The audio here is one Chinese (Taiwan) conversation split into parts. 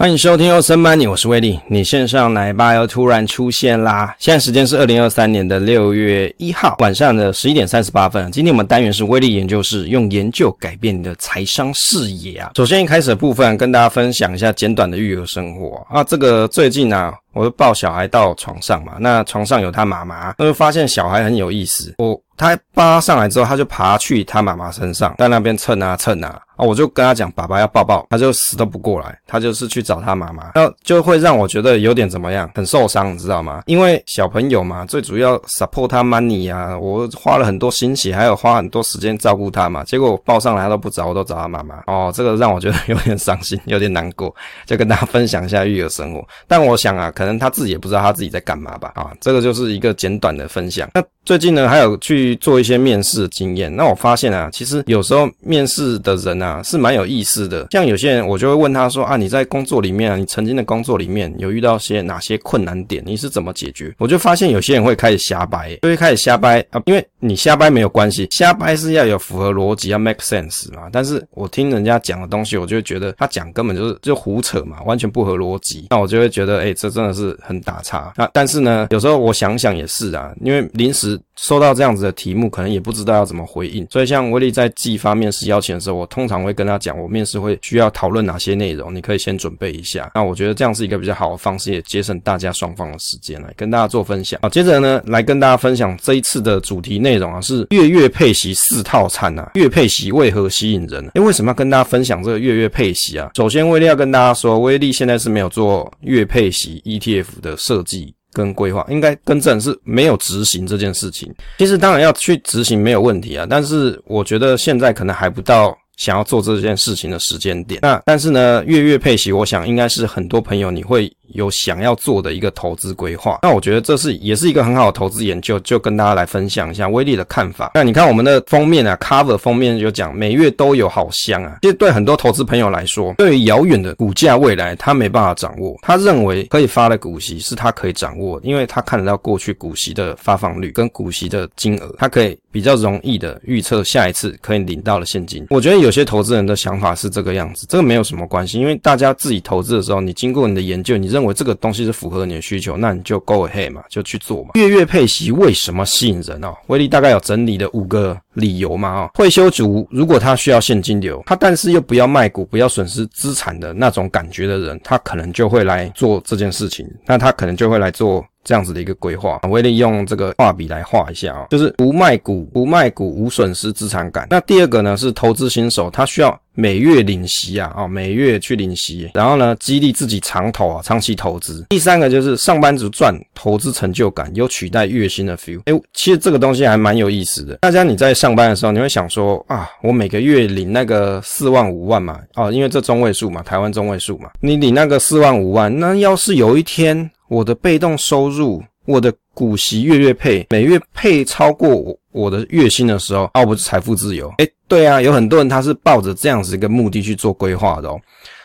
歡迎收聽《Awesome Money》，我是威利。你線上奶爸又突然出現啦！現在時間是二零二三年的六月一號晚上的十一點三十八分。今天我們單元是威利研究室，用研究改變你的財商視野啊。首先一開始的部分，跟大家分享一下簡短的育兒生活啊。這個最近呢、啊。我就抱小孩到床上嘛，那床上有他媽媽，那就發現小孩很有意思。我、哦、他扒上來之後，他就爬去他媽媽身上，在那邊蹭啊蹭啊啊、哦！我就跟他講，爸爸要抱抱，他就死都不過來，他就是去找他媽媽，那就會讓我覺得有點怎麼樣，很受傷，你知道嗎？因為小朋友嘛，最主要 support 他 money 啊，我花了很多心血，還有花很多時間照顧他嘛，結果抱上來他都不找，我都找他媽媽哦，這個讓我覺得有點傷心，有點難過，就跟大家分享一下育兒生活。但我想啊。可能他自己也不知道他自己在幹嘛吧，啊，這個就是一個簡短的分享。那最近呢，還有去做一些面試的經驗。那我發現啊，其實有時候面試的人啊是蠻有意思的。像有些人，我就會問他說啊，你在工作裡面啊，你曾經的工作裡面有遇到些哪些困難點，你是怎麼解決？我就發現有些人會開始瞎掰，欸，就會開始瞎掰啊。因為你瞎掰沒有關係，瞎掰是要有符合邏輯，要 make sense 啊。但是我聽人家講的東西，我就會覺得他講根本就是就胡扯嘛，完全不合邏輯。那我就會覺得，哎，這真的。是很打岔，那，啊，但是呢，有時候我想想也是啊，因為臨時收到這樣子的題目，可能也不知道要怎麼回應，所以像威利在寄發面試邀請的時候，我通常會跟他講，我面試會需要討論哪些內容，你可以先準備一下。那我覺得這樣是一個比較好的方式，也節省大家雙方的時間來跟大家做分享。好，接着呢，來跟大家分享這一次的主題內容啊，是月月配息四套餐啊，月配息為何吸引人、啊？因、欸、為什麼要跟大家分享這個月月配息啊？首先，威利要跟大家說，威利現在是沒有做月配息 ETF 的設計。跟規劃，應該更正是沒有執行這件事情，其實當然要去執行沒有問題啊，但是我覺得現在可能還不到想要做這件事情的時間點。那但是呢，月月配息，我想應該是很多朋友你會。有想要做的一個投資規劃，那我覺得這是也是一個很好的投資研究，就跟大家來分享一下威利的看法。那你看我們的封面啊，cover 封面就講，每月都有好香啊。其實對很多投資朋友來說，對於遙遠的股價未來，他沒辦法掌握。他認為可以發的股息是他可以掌握，因為他看得到過去股息的發放率跟股息的金額，他可以比較容易的預測下一次可以領到的現金。我覺得有些投資人的想法是這個樣子，這個沒有什麼關係，因為大家自己投資的時候，你經過你的研究，你認為這個東西是符合你的需求，那你就 go ahead 嘛，就去做嘛。月月配息為什麼吸引人哦？威利大概有整理的五個理由嘛啊、哦。退休族，如果他需要現金流，他但是又不要賣股，不要損失資產的那種感覺的人，他可能就會來做這件事情。那他可能就會來做這樣子的一個規劃。威利用這個畫筆來畫一下啊、哦，就是不賣股，不賣股，無損失資產感。那第二個呢是投資新手，他需要。每月領息啊，啊，每月去領息，然後呢，激勵自己長投啊，長期投資。第三個就是上班族賺投資成就感，有取代月薪的 feel。欸，其實這個東西還蠻有意思的。大家你在上班的時候，你會想說啊，我每個月領那個四萬五萬嘛，哦，啊，因為這中位數嘛，台灣中位數嘛，你領那個四萬五萬，那要是有一天我的被動收入，我的。股息月月配，每月配超過我我的月薪的時候，哦，不是財富自由。哎、欸，對啊，有很多人他是抱着這樣子一個目的去做規劃的哦。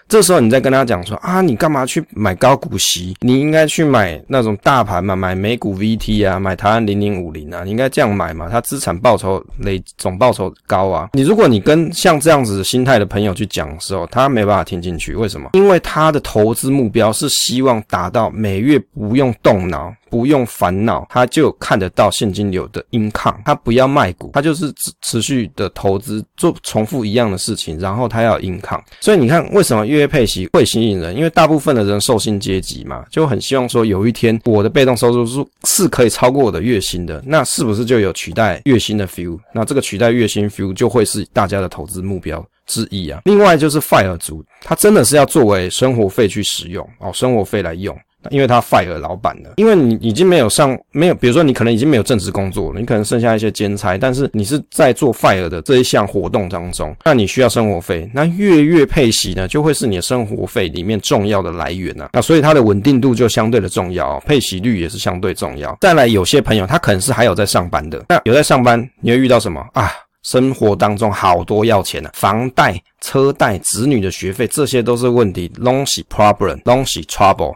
這時候你再跟他講說啊，你幹嘛去買高股息？你應該去買那種大盤嘛，買美股 VT 啊，買台灣零零五零啊，你應該這樣買嘛？它資產報酬累總報酬高啊。你如果你跟像這樣子心態的朋友去講的時候，他沒辦法聽進去。為什麼？因為他的投資目標是希望達到每月不用動腦。不用煩惱，他就看得到現金流的 income。他不要賣股，他就是持持續的投資，做重複一樣的事情，然後他要 income。所以你看，為什麼月月配息會吸引人？因為大部分的人，受薪階級嘛，就很希望說，有一天我的被動收入是可以超過我的月薪的。那是不是就有取代月薪的 feel？那這個取代月薪 feel 就會是大家的投資目標之一啊。另外就是 fire 族，他真的是要作為生活費去使用哦，生活費來用。因為他 fire 老闆了，因為你已經沒有上沒有，比如說你可能已經沒有正職工作了，你可能剩下一些兼差，但是你是在做 fire 的這一項活動當中，那你需要生活費，那月月配息呢就會是你的生活費裡面重要的來源吶，那所以它的穩定度就相對的重要啊，配息率也是相對重要。再來有些朋友他可能是還有在上班的，那有在上班你會遇到什麼啊？生活當中好多要錢吶啊，房貸、車貸、子女的學費，這些都是問題，攏是 problem，攏是 trouble。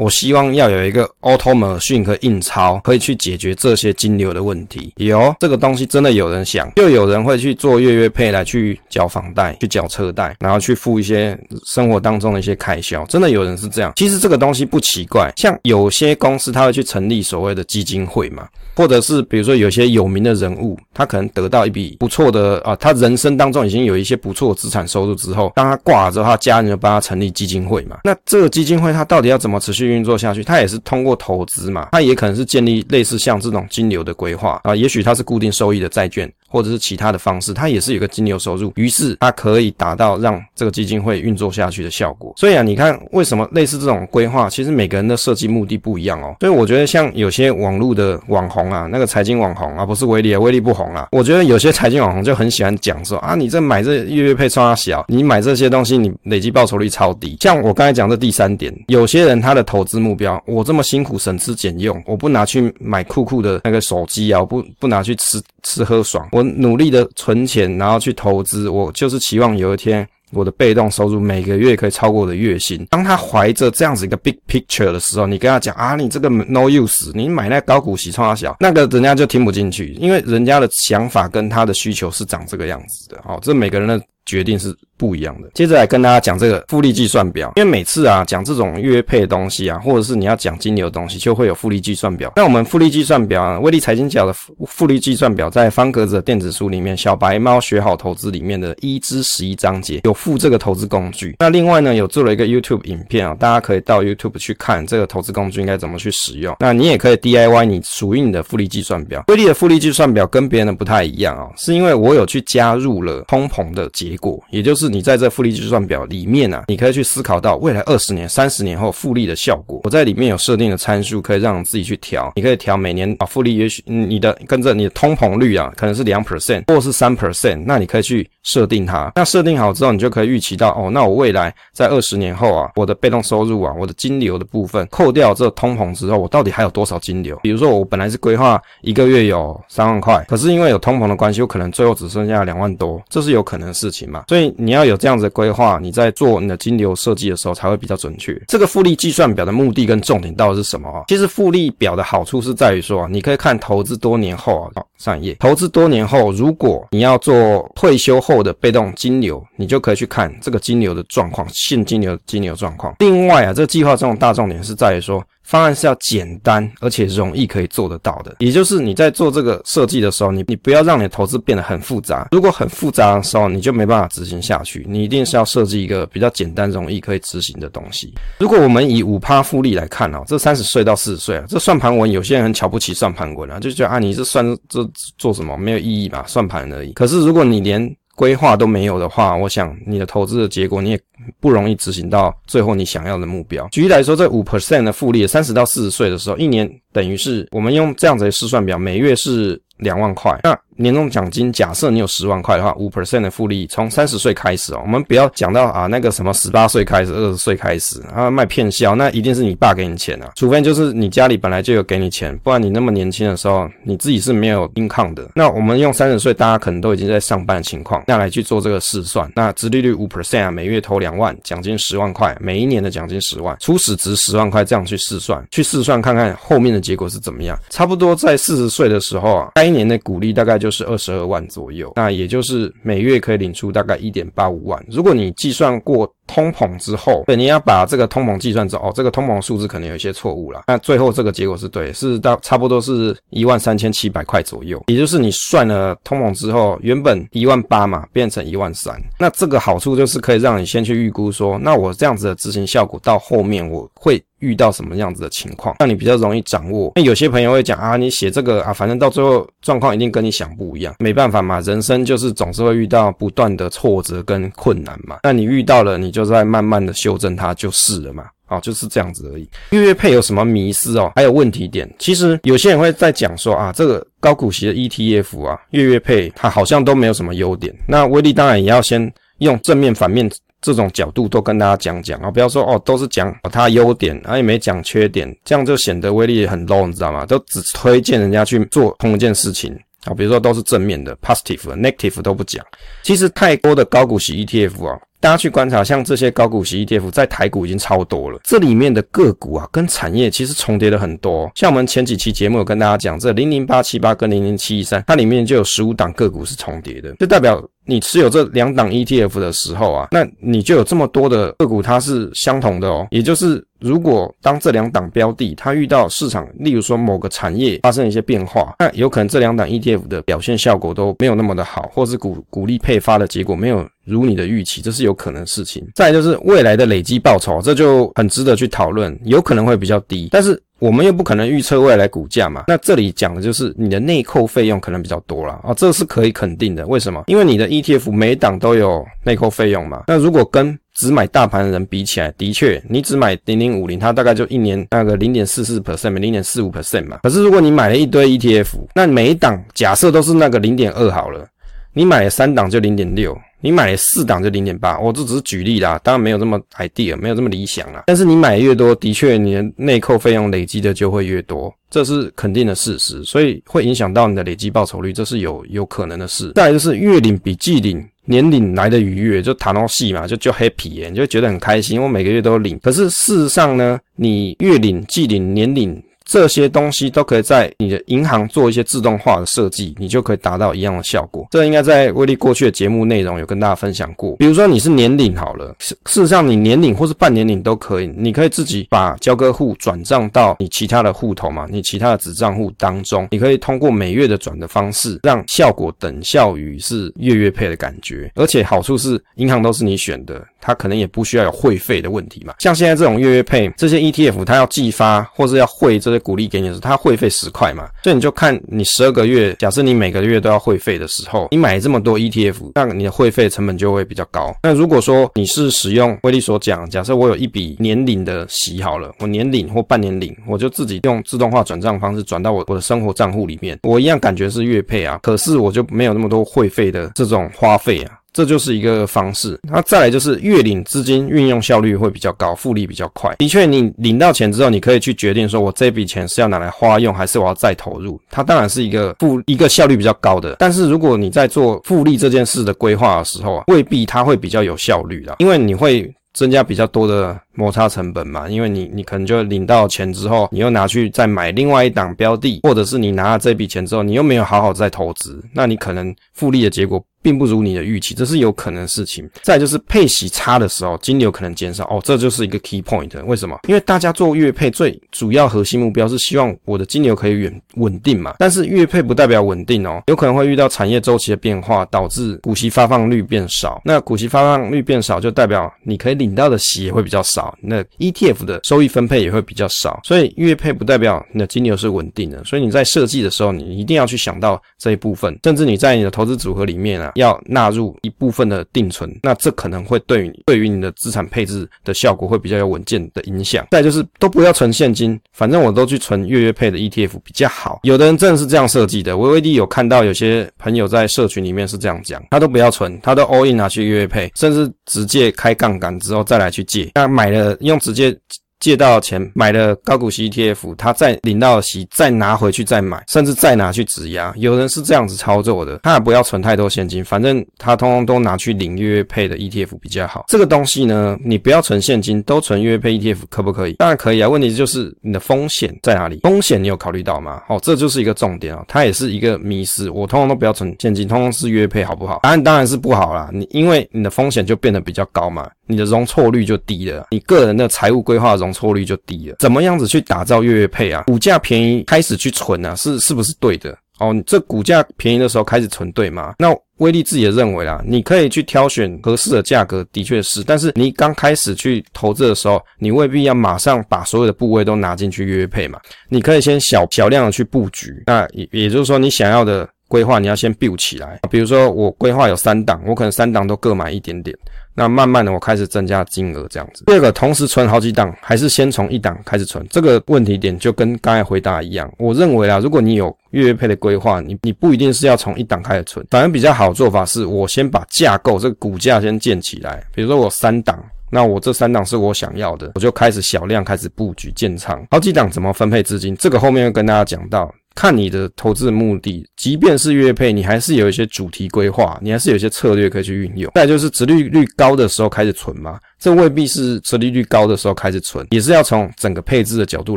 我希望要有一個 automation 和印鈔，可以去解決這些金流的問題。有這個東西，真的有人想，就有人會去做月月配來去繳房貸、去繳車貸，然後去付一些生活當中的一些開銷。真的有人是這樣。其實這個東西不奇怪，像有些公司他會去成立所謂的基金會嘛，或者是比如說有些有名的人物，他可能得到一筆不錯的啊，他人生當中已經有一些不錯的資產收入之後，當他掛了之後，他家人就幫他成立基金會嘛。那這個基金會他到底要怎麼持續？運作下去，它也是通過投資嘛，它也可能是建立類似像這種金流的規劃啊，也許它是固定收益的債券。或者是其他的方式，它也是有個金流收入，於是它可以達到讓這個基金會運作下去的效果。所以啊，你看為什麼類似這種規劃，其實每個人的設計目的不一樣哦。所以我覺得像有些網絡的網紅啊，那個財經網紅啊，不是威力啊，威力不紅啊。我覺得有些財經網紅就很喜歡講說啊，你這買這月月配刷小，你買這些東西，你累計報酬率超低。像我剛才講的第三點，有些人他的投資目標，我這麼辛苦省吃儉用，我不拿去買酷酷的那個手機啊，我不不拿去吃。吃喝爽，我努力的存錢，然後去投資，我就是期望有一天我的被動收入每個月可以超過我的月薪。當他懷着這樣子一個 big picture 的時候，你跟他講啊，你這個 no use，你買那高股息衝三小，那個人家就聽不進去，因為人家的想法跟他的需求是長這個樣子的。好，這每個人的決定是。不一樣的。接着來跟大家講這個複利計算表，因為每次啊講這種月配的東西啊，或者是你要講金融的東西，就會有複利計算表。那我們複利計算表啊，威利財經角的複利計算表，在方格子的電子書裡面，《小白貓學好投資》裡面的一至十一章節有附這個投資工具。那另外呢，有做了一個 YouTube 影片啊，大家可以到 YouTube 去看這個投資工具應該怎麼去使用。那你也可以 DIY 你屬於你的複利計算表。威利的複利計算表跟別人的不太一樣啊，是因為我有去加入了通膨的結果，也就是。你在這複利計算表裡面呢、啊，你可以去思考到未來二十年、三十年後複利的效果。我在裡面有設定的參數，可以讓你自己去調。你可以調每年啊複利，也許你的跟着你的通膨率啊，可能是兩 percent 或是三 percent，那你可以去設定它。那設定好之後，你就可以預期到哦，那我未來在二十年後啊，我的被動收入啊，我的金流的部分扣掉這通膨之後，我到底還有多少金流？比如說我本來是規劃一個月有三萬塊，可是因為有通膨的關係，我可能最後只剩下兩萬多，這是有可能的事情嘛。所以你要。要有這樣子的規劃，你在做你的金流設計的時候才會比較準確。這個複利計算表的目的跟重點到底是什麼啊？其實複利表的好處是在於說啊，你可以看投資多年後啊，啊，上一頁投資多年後，如果你要做退休後的被動金流，你就可以去看這個金流的狀況，現金流的金流狀況。另外啊，這個計劃中大重點是在於說。方案是要簡單而且容易可以做得到的，也就是你在做這個設計的時候，你你不要讓你的投資變得很複雜。如果很複雜的時候，你就沒辦法執行下去。你一定是要設計一個比較簡單、容易可以執行的東西。如果我們以五趴複利來看哦、喔，這三十歲到四十歲啊，這算盤文有些人很瞧不起算盤文啊，就覺得啊，你這算這做什麼？沒有意義吧，算盤而已。可是如果你連規劃都沒有的話，我想你的投資的結果，你也不容易執行到最後你想要的目標。舉例來說，這五 percent 的複利，三十到四十歲的時候，一年等於是我們用這樣子的試算表，每月是兩萬塊，那年終獎金，假設你有十萬塊的話，五 percent 的複利，從三十歲開始哦。我們不要講到啊，那個什麼十八歲開始、二十歲開始啊，賣騙銷，那一定是你爸給你錢啊，除非就是你家裡本來就有給你錢，不然你那麼年輕的時候，你自己是沒有 income 抗的。那我們用三十歲，大家可能都已經在上班的情況下來去做這個試算。那殖利率五 percent 啊，每月投兩萬，獎金十萬塊，每一年的獎金十萬，初始值十萬塊，這樣去試算，去試算看看後面的結果是怎麼樣。差不多在四十歲的時候啊，該年的股利大概就是。就是二十二萬左右，那也就是每月可以領出大概一點八五萬。如果你計算過通膨之後，對，你要把這個通膨計算走哦，這個通膨數字可能有一些錯誤了。那最後這個結果是對，是到差不多是一萬三千七百塊左右，也就是你算了通膨之後，原本一萬八嘛，變成一萬三。那這個好處就是可以讓你先去預估說，那我這樣子的執行效果到後面我會。遇到什麼樣子的情況，讓你比較容易掌握？那有些朋友會講啊，你寫這個啊，反正到最後狀況一定跟你想不一樣，沒辦法嘛，人生就是總是會遇到不斷的挫折跟困難嘛。那你遇到了，你就再慢慢的修正它就是了嘛，啊，就是這樣子而已。月月配有什麼迷思哦？還有問題點？其實有些人會在講說啊，這個高股息的 ETF 啊，月月配它好像都沒有什麼優點。那威利當然也要先用正面、反面。這種角度都跟大家講講啊，不、哦、要說哦，都是講他優點，啊也沒講缺點，這樣就顯得威力很 low，你知道嗎？都只推薦人家去做同一件事情啊、哦，比如說都是正面的，positive 的、negative 都不講。其實泰國的高股息 ETF 啊。大家去觀察，像這些高股息 ETF，在台股已經超多了。這裡面的個股啊，跟產業其實重疊的很多。像我們前幾期節目有跟大家講，這00878跟00713，它裡面就有十五檔個股是重疊的，就代表你持有這兩檔 ETF 的時候啊，那你就有這麼多的個股它是相同的哦。也就是，如果當這兩檔標的它遇到市場，例如說某個產業發生一些變化，那有可能這兩檔 ETF 的表現效果都沒有那麼的好，或是股股利配發的結果沒有。如你的預期，這是有可能的事情。再來就是未來的累積報酬，這就很值得去討論，有可能會比較低。但是我們又不可能預測未來股價嘛。那這裡講的就是你的內扣費用可能比較多了啊，哦，這是可以肯定的。為什麼？因為你的 ETF 每檔都有內扣費用嘛。那如果跟只買大盤的人比起來，的確你只買零零五零，它大概就一年那個零點四四 percent，零點四五 percent 嘛。可是如果你買了一堆 ETF，那每一檔假設都是那個零點二好了。你買三檔就零點六，你買四檔就零點八，我這只是舉例啦，當然沒有這麼 idea，沒有這麼理想啦。但是你買越多，的確你的內扣費用累積的就會越多，這是肯定的事實，所以會影響到你的累積報酬率，這是有有可能的事。再來就是月領比季領、年領來得愉悅，就談到戲嘛，就就 happy 呀、欸，你就覺得很開心，因為每個月都領。可是事實上呢，你月領、季領、年領。這些東西都可以在你的銀行做一些自動化的設計，你就可以達到一樣的效果。這應該在威利過去的節目內容有跟大家分享過。比如說你是年領好了，事事實上你年領或是半年領都可以，你可以自己把交割戶轉賬到你其他的戶頭嘛，你其他的子賬戶當中，你可以通過每月的轉的方式，讓效果等效於是月月配的感覺。而且好處是銀行都是你選的，它可能也不需要有匯費的問題嘛。像現在這種月月配這些 ETF，它要寄發或是要匯這些。鼓勵給你是它匯費，十塊嘛，所以你就看你十二個月，假設你每個月都要匯費的時候，你買這麼多 ETF，那你的匯費成本就會比較高。那如果說你是使用威利所講，假設我有一筆年領的息好了，我年領或半年領，我就自己用自動化轉賬方式轉到我我的生活賬戶裡面，我一樣感覺是月配啊，可是我就沒有那麼多匯費的這種花費啊。這就是一個方式，那再來就是月領資金運用效率會比較高，複利比較快。的確，你領到錢之後，你可以去決定說，我這筆錢是要拿來花用，還是我要再投入。它當然是一個複一個效率比較高的，但是如果你在做複利這件事的規劃的時候啊，未必它會比較有效率啦，因為你會增加比較多的。摩擦成本嘛，因為你你可能就領到錢之後，你又拿去再買另外一檔標的，或者是你拿了這筆錢之後，你又沒有好好再投資，那你可能複利的結果並不如你的預期，這是有可能的事情。再來就是配息差的時候，金流可能減少哦，這就是一個 key point。為什麼？因為大家做月配最主要核心目標是希望我的金流可以穩穩定嘛，但是月配不代表穩定哦，有可能會遇到產業周期的變化，導致股息發放率變少，那股息發放率變少就代表你可以領到的息也會比較少。那 ETF 的收益分配也會比較少，所以月配不代表你的金流是穩定的，所以你在設計的時候，你一定要去想到這一部分，甚至你在你的投資組合裡面啊，要納入一部分的定存，那這可能會對於你對於你的資產配置的效果會比較有穩健的影響。再就是都不要存現金，反正我都去存月月配的 ETF 比較好。有的人真的是這樣設計的，我威利有看到有些朋友在社群裡面是這樣講，他都不要存，他都 all in 拿、啊、去月月配，甚至直接開槓桿之後再來去借，那買。嗯，用直接。借到錢買了高股息 ETF，他再領到的息，再拿回去再買，甚至再拿去質押。有人是這樣子操作的，他也不要存太多現金，反正他通常都拿去領月配的 ETF 比較好。這個東西呢，你不要存現金，都存月配 ETF 可不可以？當然可以啊，問題就是你的風險在哪裡？風險你有考慮到嗎？好、喔，這就是一個重點啊、喔，它也是一個迷思。我通常都不要存現金，通常是月配好不好？答案當然是不好啦。你因為你的風險就變得比較高嘛，你的容錯率就低了，你個人個的財務規劃容錯率就低了，怎麼樣子去打造月月配啊？股價便宜開始去存啊，是是不是對的？哦，這股價便宜的時候開始存對嗎？那威利自己也認為啦，你可以去挑選合適的價格，的確是，但是你剛開始去投資的時候，你未必要馬上把所有的部位都拿進去月月配嘛，你可以先小小量的去布局。那也也就是說，你想要的規劃，你要先 build 起來。比如說，我規劃有三檔，我可能三檔都各買一點點。那慢慢的，我開始增加金額，這樣子。第二個，同時存好幾檔，還是先從一檔開始存？這個問題點就跟剛才回答一樣。我認為啊，如果你有月月配的規劃，你你不一定是要從一檔開始存，反而比較好的做法是，我先把架構這個骨架先建起來。比如說我三檔，那我這三檔是我想要的，我就開始小量開始布局建倉。好幾檔怎麼分配資金？這個後面又跟大家講到。看你的投資的目的，即便是月配，你還是有一些主題規劃，你還是有一些策略可以去運用。再來就是殖利率高的時候開始存嘛，這未必是殖利率高的時候開始存，也是要從整個配置的角度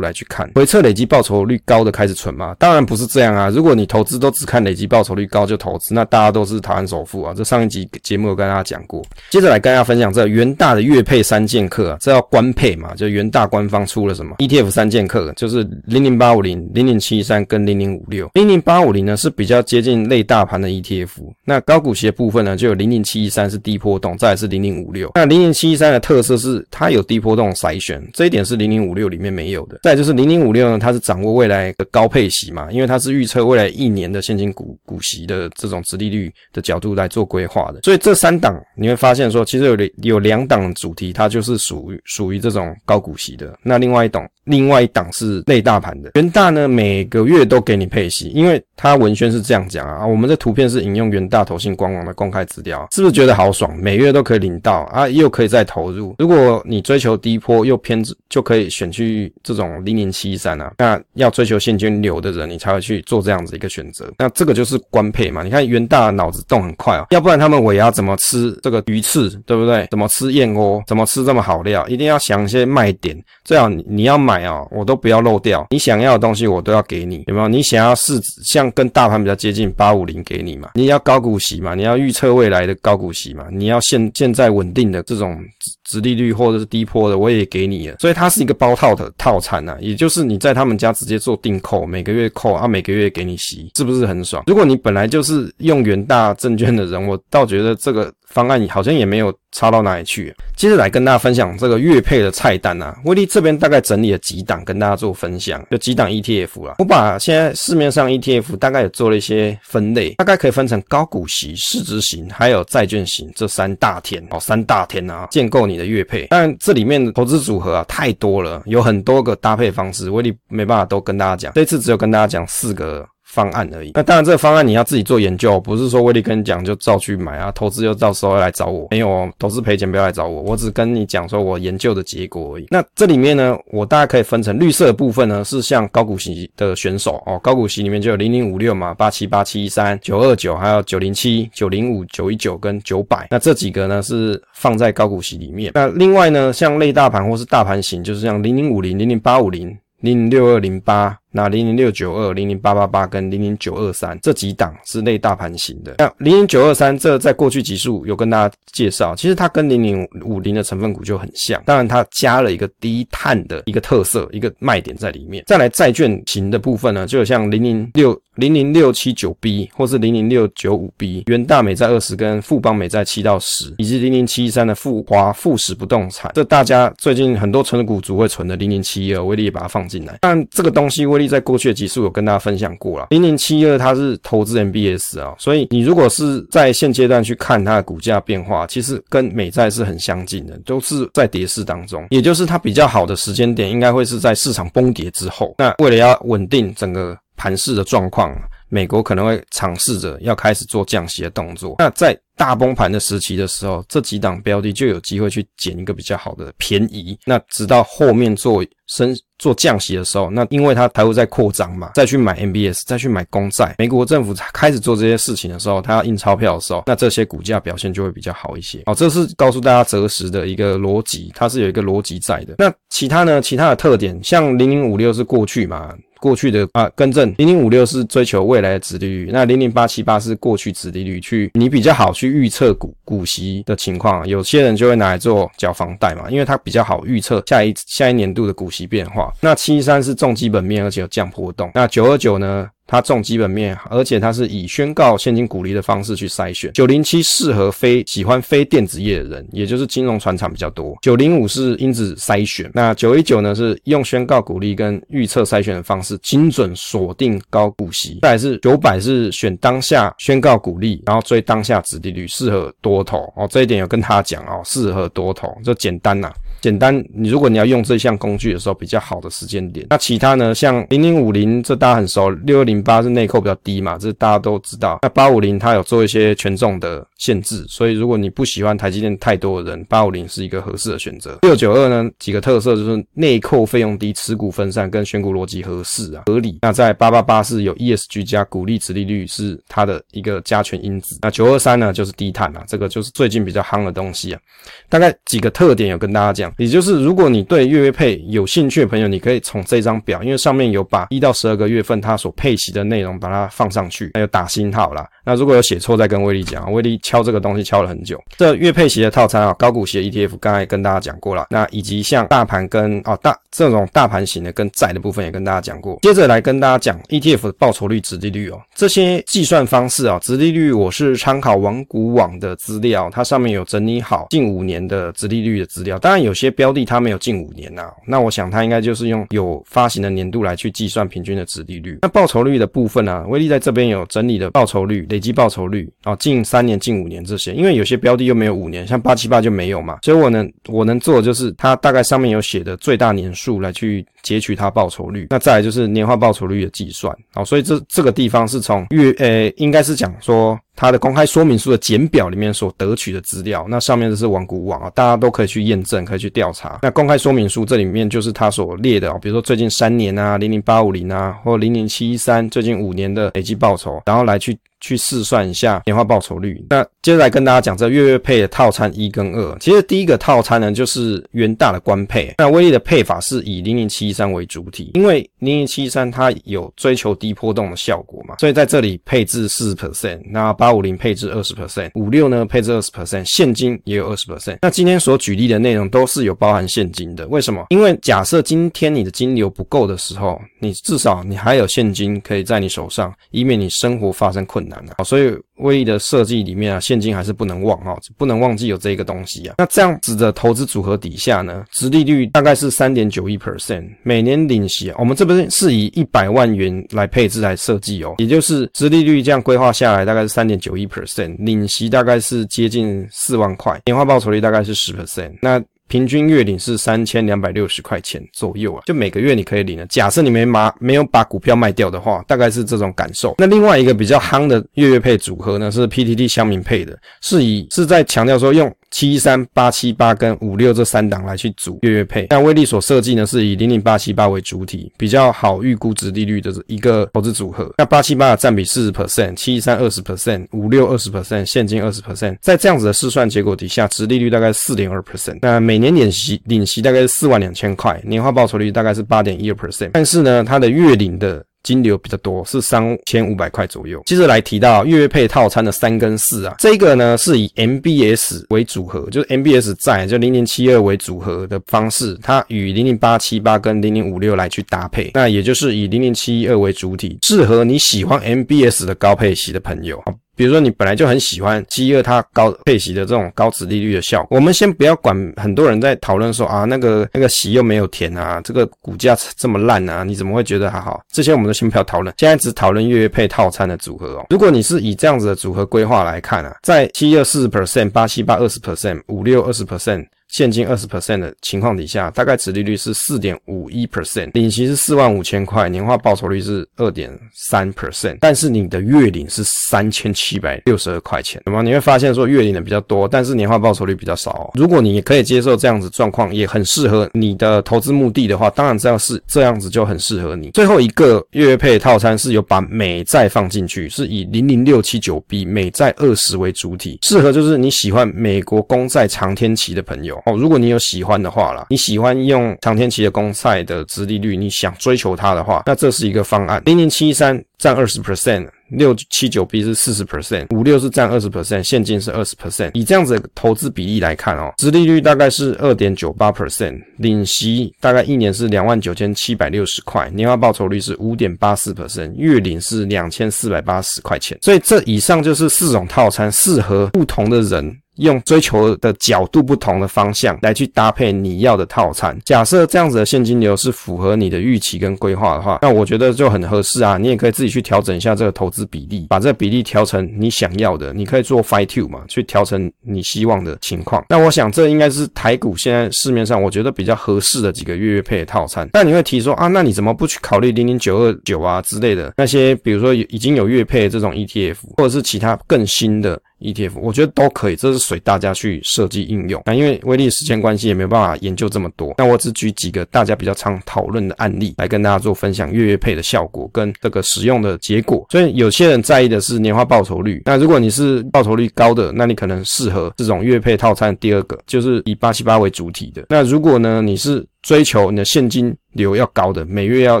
來去看。回測累積報酬率高的開始存嘛，當然不是這樣啊。如果你投資都只看累積報酬率高就投資，那大家都是台灣首富啊。這上一集節目有跟大家講過。接着來跟大家分享這元大的月配三劍客啊，這叫官配嘛，就元大官方出了什麼 ETF 三劍客，就是零零八五零、零零七三跟零零五六、零零八五零呢是比較接近類大盤的 ETF。那高股息的部分呢，就有零零七一三是低波動，再來，是零零五六。那零零七一三的特色是它有低波動篩選，這一點是零零五六裡面沒有的。再就是零零五六呢，它是掌握未來的高配息嘛，因為它是預測未來一年的現金股股息的這種殖利率的角度來做規劃的。所以這三檔你會發現說，其實有有兩檔主題，它就是屬於屬於這種高股息的。那另外一檔，另外一檔是類大盤的。元大呢，每個月都。都給你配息，因為他文宣是這樣講啊。我們的圖片是引用元大投信官網的公開資料，是不是覺得好爽？每月都可以領到啊，又可以再投入。如果你追求低波又偏，就可以選去這種零零七一三啊。那要追求現金流的人，你才會去做這樣子一個選擇。那這個就是官配嘛。你看元大腦子動很快哦、啊，要不然他們尾牙怎麼吃這個魚翅，對不對？怎麼吃燕窩？怎麼吃這麼好料？一定要想一些賣點。最好你要買哦、喔，我都不要漏掉，你想要的東西我都要給你，有沒有？你想要市值像跟大盤比較接近八五零，給你嘛？你要高股息嘛？你要預測未來的高股息嘛？你要現現在穩定的這種殖利率或者是低波的，我也給你了。所以它是一個包套的套餐呐、啊，也就是你在他們家直接做定扣，每個月扣，啊每個月給你息，是不是很爽？如果你本來就是用元大證券的人，我倒覺得這個。方案好像也沒有差到哪裡去。接着來跟大家分享這個月配的菜單啊，威力這邊大概整理了幾檔跟大家做分享，有幾檔 ETF 啊。我把現在市面上 ETF 大概也做了一些分類，大概可以分成高股息、市值型，還有債券型，這三大天哦，三大天啊，建構你的月配。當然這裡面投資組合啊太多了，有很多個搭配方式，威力沒辦法都跟大家講，這一次只有跟大家講四個。方案而已，那當然這個方案你要自己做研究，不是說威利跟你講就照去買啊，投資又到時候要來找我，沒有，投資賠錢不要來找我，我只跟你講說我研究的結果而已。那這裡面呢，我大概可以分成綠色的部分呢，是像高股息的選手哦、喔，高股息裡面就有零零五六嘛，八七八七一三九二九，還有九零七九零五九一九跟九百，那這幾個呢是放在高股息裡面。那另外呢，像類大盤或是大盤型，就是像零零五零零零八五0零零六二零八。那零零六九二、零零八八八跟零零九二三這幾檔是類大盤型的。那零零九二三這在過去集數有跟大家介紹，其實它跟零零五零的成分股就很像，當然它加了一個低碳的一個特色、一個賣點在裡面。再來債券型的部分呢，就有像零零六、零零六七九 B 或是零零六九五 B，元大美債二十跟富邦美債七到十，以及零零七一三的富華富時不動產，這大家最近很多存的股族會存的零零七一二，威利也把它放進來。但這個東西威利在過去的集數有跟大家分享過了，零零七二它是投資 MBS 啊、喔，所以你如果是在現階段去看它的股價變化，其實跟美債是很相近的，都、就是在跌勢當中，也就是它比較好的時間點，應該會是在市場崩跌之後。那為了要穩定整個盤勢的狀況，美國可能會嘗試着要開始做降息的動作。那在大崩盤的時期的時候，這幾檔標的就有機會去撿一個比較好的便宜。那直到後面做升、做降息的時候，那因為它台灣在擴張嘛，再去買 MBS，再去買公債，美國政府開始做這些事情的時候，它要印鈔票的時候，那這些股價表現就會比較好一些。好、哦，這是告訴大家擇時的一個邏輯，它是有一個邏輯在的。那其他呢？其他的特點，像零零五六是過去嘛？過去的啊，更正零零五六是追求未來的殖利率，那零零八七八是過去殖利率去，你比較好去預測股股息的情況啊，有些人就會拿來做繳房貸嘛，因為它比較好預測下一下一年度的股息變化。那七三是重基本面而且有降波動，那九二九呢？它重基本面，而且它是以宣告現金股利的方式去篩選。九零七適合非喜歡非電子業的人，也就是金融傳產比較多。九零五是因子篩選，那九一九呢是用宣告股利跟預測篩選的方式精準鎖定高股息。再來是九百是選當下宣告股利，然後追當下殖利率，適合多頭。哦，這一點有跟他講哦，適合多頭就簡單啦、啊。簡單，你如果你要用這項工具的時候，比較好的時間點。那其他呢，像零零五零這大家很熟，六二零八是內扣比較低嘛，這大家都知道。那八五零它有做一些權重的限制，所以如果你不喜歡台積電太多的人，八五零是一個合適的選擇。六九二呢，幾個特色就是內扣費用低，持股分散跟選股邏輯合適啊，合理。那在八八八四有 ESG 加股利、殖利率是它的一個加權因子。那九二三呢，就是低碳啊，這個就是最近比較夯的東西啊，大概幾個特點有跟大家講。也就是，如果你對月月配有興趣的朋友，你可以從這張表，因為上面有把一到十二個月份它所配息的內容把它放上去，還有打星號啦。那如果有寫錯，再跟威利講。威利敲這個東西敲了很久。這月配息的套餐啊、喔，高股息的 ETF，剛才跟大家講過了。那以及像大盤跟哦、喔、大這種大盤型的跟債的部分也跟大家講過。接着來跟大家講 ETF 的報酬率、殖利率哦、喔，這些計算方式啊，殖利率我是參考玩股網的資料，它上面有整理好近五年的殖利率的資料，當然有些。些標的它沒有近五年吶、啊，那我想它應該就是用有發行的年度來去計算平均的殖利率。那報酬率的部分呢、啊，威利在這邊有整理的報酬率、累計報酬率，然、哦、近三年、近五年這些，因為有些標的又沒有五年，像八七八就沒有嘛。所以我能我能做的就是它大概上面有寫的最大年數來去截取它報酬率。那再來就是年化報酬率的計算，好、哦，所以這這個地方是從月，呃，應該是講說。它的公開說明書的簡表裡面所得取的資料，那上面的是網谷網啊，大家都可以去驗證，可以去調查。那公開說明書這裡面就是他所列的，比如說最近三年啊，零零八五零啊，或零零七一三，最近五年的累計報酬，然後來去。去試算一下年化報酬率。那接下來跟大家講這月月配的套餐一跟二。其實第一個套餐呢，就是元大的官配。那威力的配法是以零零七一三為主體，因為零零七一三它有追求低波動的效果嘛，所以在這裡配置四十 percent。那八五零配置二十 percent，五六呢配置二十 percent，現金也有二十 percent。那今天所舉例的內容都是有包含現金的。為什麼？因為假設今天你的金流不夠的時候，你至少你還有現金可以在你手上，以免你生活發生困難。好、哦，所以威利的設計裡面啊，現金還是不能忘哈、哦，不能忘記有這個東西啊。那這樣子的投資組合底下呢，殖利率大概是三點九一 percent，每年領息啊，我們這邊是以一百萬元來配置來設計哦，也就是殖利率這樣規劃下來大概是三點九一 percent，領息大概是接近四萬塊，年化報酬率大概是十 percent。那平均月領是三千兩百六十塊錢左右啊，就每個月你可以領的啊，假設你沒買，沒有把股票賣掉的話，大概是這種感受。那另外一個比較夯的月月配組合呢，是 PTT 鄉民配的，是以是在強調說用，七一三八七八跟五六這三檔來去組月月配，那威力所設計呢是以零零八七八為主體，比較好預估值利率的一個投資組合。那八七八的佔比四十 percent，七一三二十 percent，五六二十 percent，現金二十 percent，在這樣子的試算結果底下，值利率大概四點二 percent，那每年領息領息大概是四萬兩千塊，年化報酬率大概是八點一二 percent，但是呢，它的月領的。金流比較多，是三千五百塊左右。接着來提到月月配套餐的三跟四啊，這個呢是以 MBS 為組合，就是 MBS 在就零零七二為組合的方式，它與零零八七八跟零零五六來去搭配，那也就是以零零七二為主體，適合你喜歡 MBS 的高配息的朋友。比如說，你本來就很喜歡713，它高配息的這種高殖利率的效果。我們先不要管，很多人在討論說啊，那個那個息又沒有填啊，這個股價這麼爛啊，你怎麼會覺得還好？這些我們都先不要討論，現在只討論月月配套餐的組合哦、喔。如果你是以這樣子的組合規劃來看啊，在 8, 7, 8, 5, 6,，在713四十 percent，八七八二十 percent，五六二十 percent。現金二十 percent 的情況底下，大概殖利率是四點五一 percent，領期是四萬五千塊，年化報酬率是二點三 percent，但是你的月領是三千七百六十二塊錢。那麼你會發現說月領的比較多，但是年化報酬率比較少、喔。如果你也可以接受這樣子狀況，也很適合你的投資目的的話，當然這樣是這樣子就很適合你。最後一個月配套餐是有把美債放進去，是以零零六七九 B 美債二十為主體，適合就是你喜歡美國公債長天期的朋友。哦，如果你有喜歡的話啦，你喜歡用長天期的公債的殖利率，你想追求它的話，那這是一個方案。零零七三占二十 percent，六七九 B 是四十 percent，五六是占二十 percent，現金是二十 percent。以這樣子的投資比例來看哦，殖利率大概是二點九八 percent，領息大概一年是兩萬九千七百六十塊，年化報酬率是五點八四 percent，月領是兩千四百八十塊錢。所以這以上就是四種套餐，適合不同的人。用追求的角度不同的方向來去搭配你要的套餐。假設這樣子的現金流是符合你的預期跟規劃的話，那我覺得就很合適啊。你也可以自己去調整一下這個投資比例，把這個比例調成你想要的。你可以做 five two 嘛，去調成你希望的情況。那我想這應該是台股現在市面上我覺得比較合適的幾個月月配的套餐。但你會提說啊，那你怎麼不去考慮零零九二九啊之類的那些，比如說已經有月配的這種 ETF，或者是其他更新的？ETF 我覺得都可以，這是隨大家去設計應用啊。那因為威利時間關係，也沒辦法研究這麼多。那我只舉幾個大家比較常討論的案例來跟大家做分享，月月配的效果跟這個使用的結果。所以有些人在意的是年化報酬率。那如果你是報酬率高的，那你可能適合這種月配套餐。第二個就是以八七八為主體的。那如果呢你是追求你的現金流要高的，每月要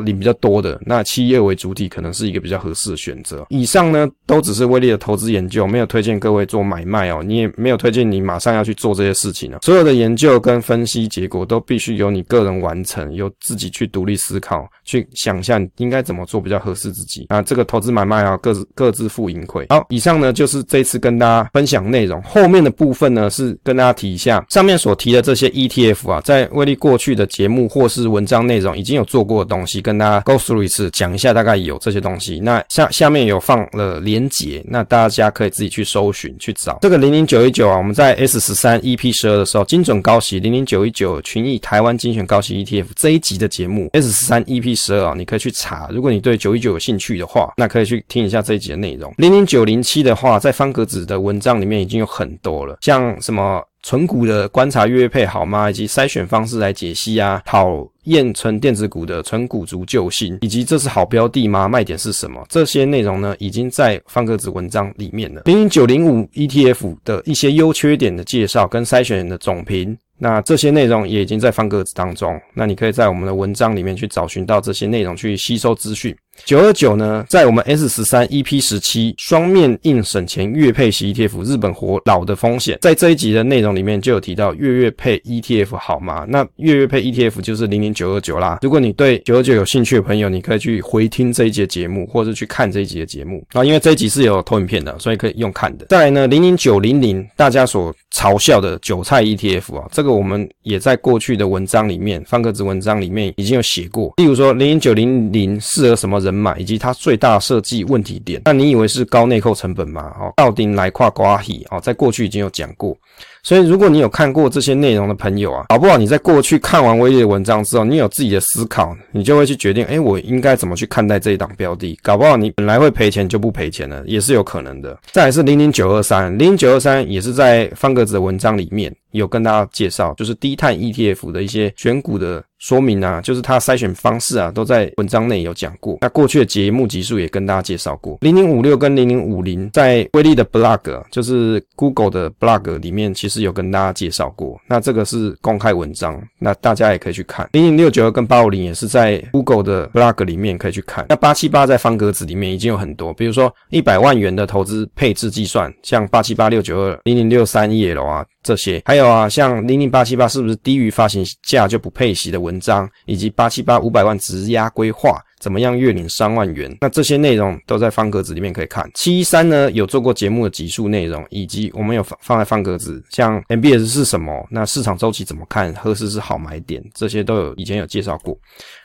領比較多的，那企業為主體可能是一個比較合適的選擇。以上呢都只是威利的投資研究，沒有推薦各位做買賣哦、喔，你也沒有推薦你馬上要去做這些事情了、喔。所有的研究跟分析結果都必須由你個人完成，由自己去獨立思考，去想象應該怎麼做比較合適自己。那、啊、這個投資買賣啊、喔，各自各自負盈虧。好，以上呢就是這次跟大家分享內容，後面的部分呢是跟大家提一下上面所提的這些 ETF 啊，在威利過去的。節目或是文章內容已經有做過的東西，跟大家 go through 一次，講一下大概有這些東西。那下下面，有放了連結，那大家可以自己去搜尋去找這個零零九一九啊。我們在 S 十三 E P 十二的時候，精準高息零零九一九群益台灣精選高息 ETF 這一集的節目 S 十三 E P 十二啊，你可以去查。如果你對九一九有興趣的話，那可以去聽一下這一集的內容。零零九零七的話，在方格子的文章裡面已經有很多了，像什麼。存股的觀察、月配好嗎？以及篩選方式來解析啊，討厭存電子股的存股族救星，以及這是好標的嗎？賣點是什麼？這些內容呢，已經在方格子文章裡面了。00905 ETF 的一些優缺點的介紹跟篩選人的總評，那這些內容也已經在方格子當中。那你可以在我們的文章裡面去找尋到這些內容去吸收資訊。九二九呢，在我們 S 十三 EP 17雙面硬省錢月配 ETF、日本活老的風險，在這一集的內容裡面就有提到月月配 ETF 好嗎？那月月配 ETF 就是零零九二九啦。如果你對九二九有興趣的朋友，你可以去回聽這一集的節目，或者是去看這一集的節目。啊。那因為這一集是有投影片的，所以可以用看的。再來呢，零零九零零大家所嘲笑的韭菜 ETF 啊，這個我們也在過去的文章裡面，方格子文章裡面已經有寫過。例如說，零零九零零適合什麼人？人馬以及它最大設計問題點，那你以為是高內扣成本嗎？哦，道丁來跨瓜希哦，在過去已經有講過，所以如果你有看過這些內容的朋友啊，搞不好你在過去看完威利文章之後，你有自己的思考，你就會去決定，哎、欸，我應該怎麼去看待這一檔標的？搞不好你本來會賠錢就不賠錢了，也是有可能的。再來是零零九二三，零零九二三也是在方格子的文章裡面有跟大家介紹，就是低碳 ETF 的一些選股的。說明啊，就是他篩選方式啊，都在文章內有講過。那過去的節目集數也跟大家介紹過，零零五六跟零零五零在威利的 blog，就是 Google 的 blog 裡面，其實有跟大家介紹過。那這個是公開文章，那大家也可以去看。零零六九二跟八五零也是在 Google 的 blog 裡面可以去看。那八七八在方格子裡面已經有很多，比如說一百萬元的投資配置計算，像八七八六九二、零零六三一 L 啊。這些還有啊，像零零八七八，是不是低於發行價就不配息的文章，以及八七八五百萬質押規劃怎麼樣月領三萬元？那這些內容都在方格子裡面可以看。七三呢，有做過節目的集數內容，以及我們有放在放在方格子，像 MBS 是什麼？那市場週期怎麼看？何時是好買點？這些都有以前有介紹過。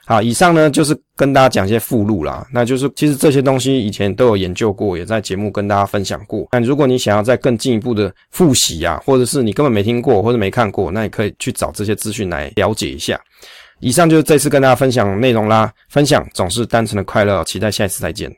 好，以上呢，就是跟大家講一些附錄啦，那就是其實這些東西以前都有研究過，也在節目跟大家分享過。那如果你想要再更進一步的複習呀、啊，或者是你根本沒聽過或者沒看過，那你可以去找這些資訊來了解一下。以上就是這次跟大家分享內容啦，分享總是單純的快樂，期待下一次再見。